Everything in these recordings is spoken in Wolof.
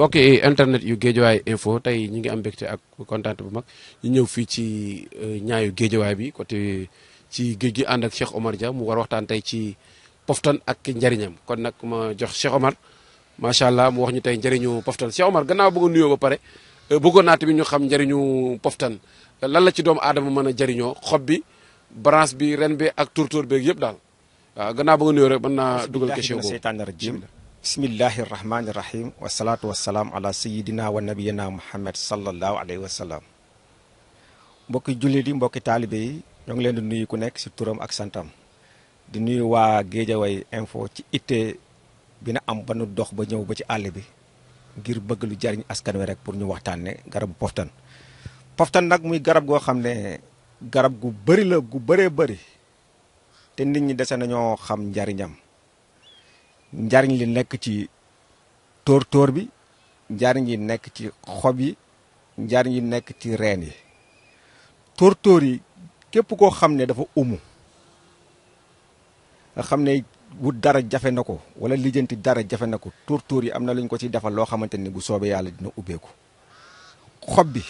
mbokk yi internet yu géejawaay info tey ñu ngi am mbégte ak kontaan bu mag ñu ñëw fii ci euh, ñaayu géejawaay bi côté ci géej gi ànd ak Cheikh Omar Dia mu war waxtaan tey ci poftan ak njariñam kon nag ma jox Cheikh Omar macha allah mu wax ñu tey njëriñu poftan Cheikh Omar gannaaw bëgg a nuyoo ba pare euh, bëggoon naa bi ñu xam njariñu poftan lan la ci doomu aadama mën a jëriñoo xob bi branche bi ren bi ak tóortóor beeg yëpp daal waaw gannaaw bëgg a rek mën naa dugal question boobu Bismillahirrahmanirrahim. wassalatu rahim ala sayyidina wa nabiyina muhammad sallallahu alaihi wasallam. sallam mbokki jullit yi yi ñoo leen di nuyu si turam ak santam di nuyu waa Géejawaay info ci itte bi na am ba nu dox ba ñëw ba ci askan wi rek pour ñu garab garabu poftan poftan nak muy garab goo xam ne garab gu beri la gu beri beri. Tendin nit ñi dese nañoo xam njariñ li nekk ci tóor tóor bi njariñ yi nekk ci xob yi njariñ yi nekk ci reen yi tóor tóor yi képp koo xam ne dafa umu nga xam ne wut dara jafe na ko wala lijjanti dara jafe na ko tóor tóor yi am na lu ñu ko ci defal loo xamante ni bu soobee yàlla dina ubbeeku xob bi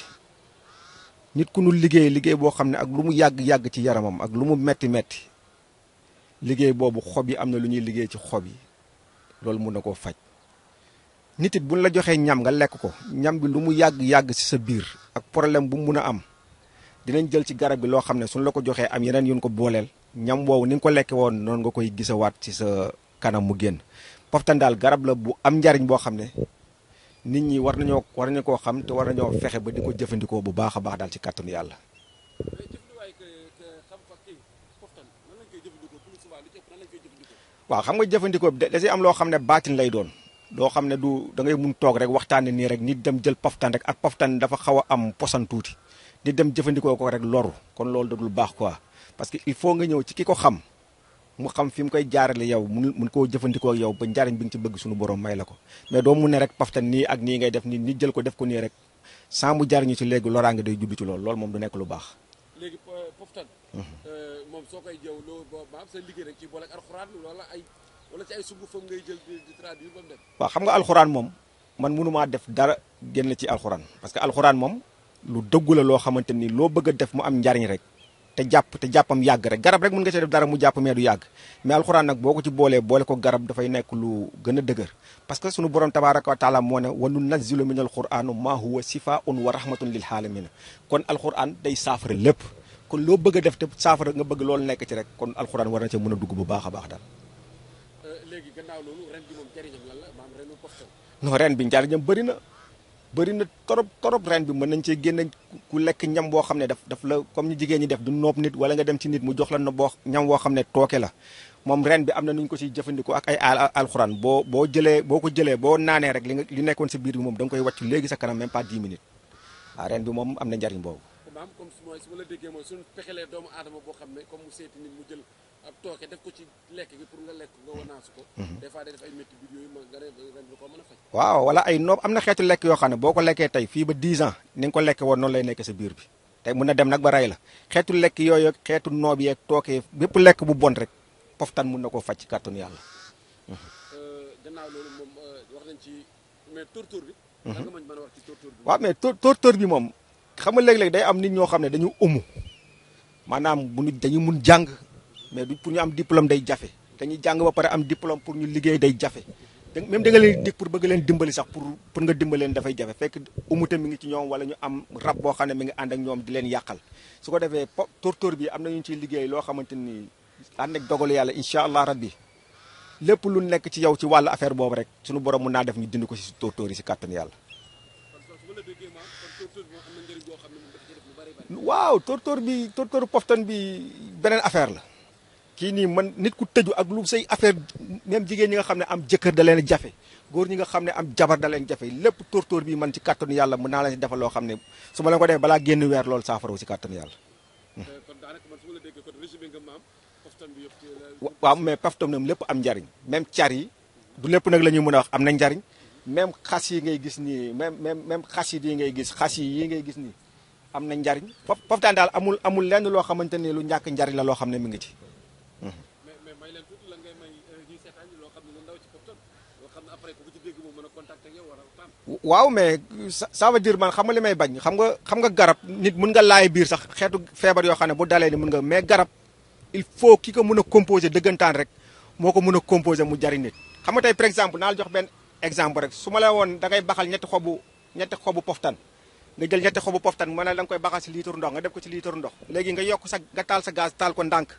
nit ku nu liggéey liggéey boo xam ne ak lu mu yàgg-yàgg ci yaramam ak lu mu metti metti liggéey boobu xob yi am na lu ñuy liggéey ci xob yi loolu mun na koo faj nit it buñ la joxee ñam nga lekk ko ñam bi lu mu yàgg-yàgg ci sa biir ak problème bu mun a am dinañ jël ci garab bi loo xam ne suñ la ko joxee am yeneen yuñ ko booleel ñam woowu ni nga ko lekke woon noonu nga koy gisawaat ci sa kanam mu génn poftan daal garab la bu am njariñ boo xam ne nit ñi war nañoo war nañu koo xam te war nañoo fexe ba di ko jëfandikoo bu baax a baax daal ci kàttanu yàlla waaw xam nga jëfandikoo da da am loo xam ne baatin lay doon loo xam ne du da mun toog rek waxtaanee nii rek nit dem jël paftan ak paftan dafa xaw a am posan tuuti dem jëfandikoo ko rek loru kon loolu da dul baax quoi parce que il faut nga ñëw ci ki ko xam mu xam fi mu koy jaarale yow mun mun koo jëfandikoo yow ba njariñ bi nga ci bëgg suñu borom may la ko mais doo mun ne rek paftan nii ak nii ngay def nii nit jël ko def ko nii rek sans mu jariñu ci léegi loraange day juddu ci loolu loolu moom du nekk lu baax. poftan euh, moom soo koy jëw loo ba am sa liggéey rek ci boole ak alxuraan wala ay wala ci ngay jël di traduire ba mu dem waaw xam nga alxuraan moom man mënumaa def dara génn ci alxuraan parce que alxuraan moom lu dëggu la loo xamante ni loo bëgg def mu am njariñ rek te jàpp te jàppam yàgg rek garab rek mën nga see def dara mu jàpp mee du yàgg mais alxuraan nag boo ko ci boolee boole ko garab dafay nekk lu gën a dëgër parce que sunu borom tabaraka wa taala moo ne wa nunazzilu min alquraan ma huwa sifaun wa rahmatun lil aalamiina kon alxuraan day saafara lépp kon lo bëgg def te saafara nga bëgg lool nekk ci rek kon alcorane war na ci mëna dugg bu baaxa baax dal euh, legi gannaaw loolu ren bi mom jarignam lan la am renu poftal no ren bi jarignam bari na bari na torop torop ren bi mëna ci cee ku lekk ñam bo xamne ne daf daf la comme ñu jigeen ñi def du noob nit wala nga dem ci nit mu jox la na bo ñam bo xamne ne la mom ren bi amna na ko ci jëfëndiko ak ay alcorane bo bo jëlé boko ko bo nané rek li nekkon ci biir bi mom dang koy wàcc legi sa kanam même pas 10 minutes ah, ren bi mom amna jarign bobu maam ko ci lekk mhm. a faj waaw wala ay noob am na xeetu lekk yoo xam ne boo ko lekkee tey fii ba 10 ans ni nga ko lekke woon noonu lay nekk sa biir bi tey mun na dem nag ba rey la xeetu lekk yooyu xeetu noob yeeg tooke bépp lekk bu bon rek poftan mun na koo faj ci kàttanu yàlla euh, gannaaw loolu moom euh, wax nañ ci mais tóortóor mhm. bi waaw bi moom xam nga léeg day am nit ñoo xam ne dañu umu maanaam bu ñu dañu mun jàng mais du pour ñu am diplôme day jafe dañuy jàng ba pare am diplôme pour ñu liggéey day jafe même da nga leen dig pour bëgg leen dimbali sax pour pour nga dimbali leen dafay jafe fekk umute mi ngi ci ñoom wala ñu am rab boo xam ne mi ngi ànd ak ñoom di leen yàqal su ko defee po tóortóor bi am na ñu ciy liggéey loo xamante ni ànd ak dogalu yàlla incha allah rabbi lépp lu nekk ci yow ci wàllu affaire boobu rek sunu borom mun naa def ñu ko si tóortóor yi si waaw tóortóor bi tóortóoru poftan bi beneen affaire la. kii nii man nit ku tëju ak lu say affaire même jigéen ñi nga xam ne am jëkkër da leen jafe góor ñi nga xam ne am jabar da jafe lépp tóortóor bii man ci kàttanu yàlla mën naa la si defal loo xam ne su ma ko defee balaa génn weer loolu saafara si kàttanu yàlla. Euh, waaw mais poftan bi lépp am njariñ même car yi du lépp nag la ñuy mën a wax am nañ njariñ même khas yi ngay gis ni même même même xas yi ngay gis khas yi ngay gis ni amna njariñ fof tan dal amul amul lenn lo xamanteni lu ñak njariñ la lo xamne mi ngi ci. Hmm. mais mais euh, waaw mais ça veut dire man xam nga li bañ xam nga xam nga garab nit mën nga lay biir sax xétu fièvre yo xamné ne bu dalee ni mën nga mais garab il faut ki ko mun composer dëggantaan rek moko mëna composer mu jari nit xam nga tay par exemple naa la jox ben exemple rek su ma la woon da ngay baxal ñetti xobu ñetti xobu poftan nga jël ñetti xobu poftan ma ne la nga koy baxal si litre ndox nga def ko ci litre ndox léegi nga yokk sa nga taal sa gaz taal ko ndànk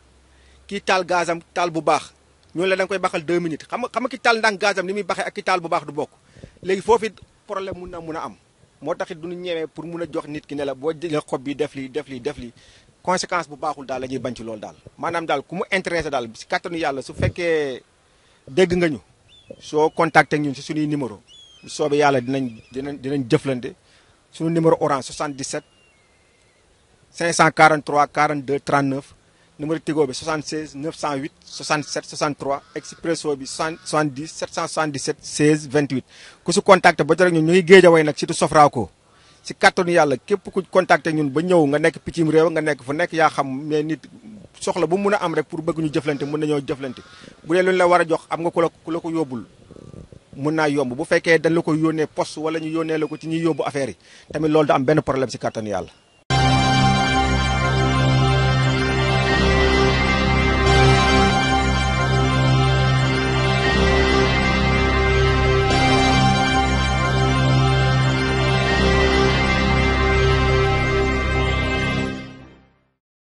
ki taal gazam taal bu baax ñooñu la da koy baxal 2 minutes xam nga xam nga ki taal ndànk gazam ni muy baxee ak ki taal bu baax du bokk léegi foofu it problème mun na mun a am moo tax it duñu ñëwee pour mun a jox nit ki ne la boo jëlee xob bi def lii def lii def lii conséquence bu baaxul daal la ñuy bañ ci loolu daal maanaam daal ku mu intéressé daal si kàttanu yàlla su fekkee dégg nga ñu soo contacté ak ñun si suñuy numéro bu soobee yàlla dinañ dinañ dinañ jëflante suñu numéro orange 77 543 42 39 numéro Tigo bi 76 908 67 63 Expresso bi 70 777 16 28 ku si contacté ba tey rek ñun ñu ngi géej a way nag surtout Sofraco. si kàttanu yàlla képp ku contacté ñun ba ñëw nga nekk piccim réew nga nekk fu nekk yaa xam mais nit soxla bu mun a am rek pour bëgg ñu jëflante mën nañoo jëflante bu dee lu ñu la war a jox am nga ku la ku la ko yóbbul mën naa yomb bu fekkee dañ la ko yónnee poste wala ñu yónnee la ko ci ñuy yóbbu affaire yi tamit loolu da am benn problème si kàttanu yàlla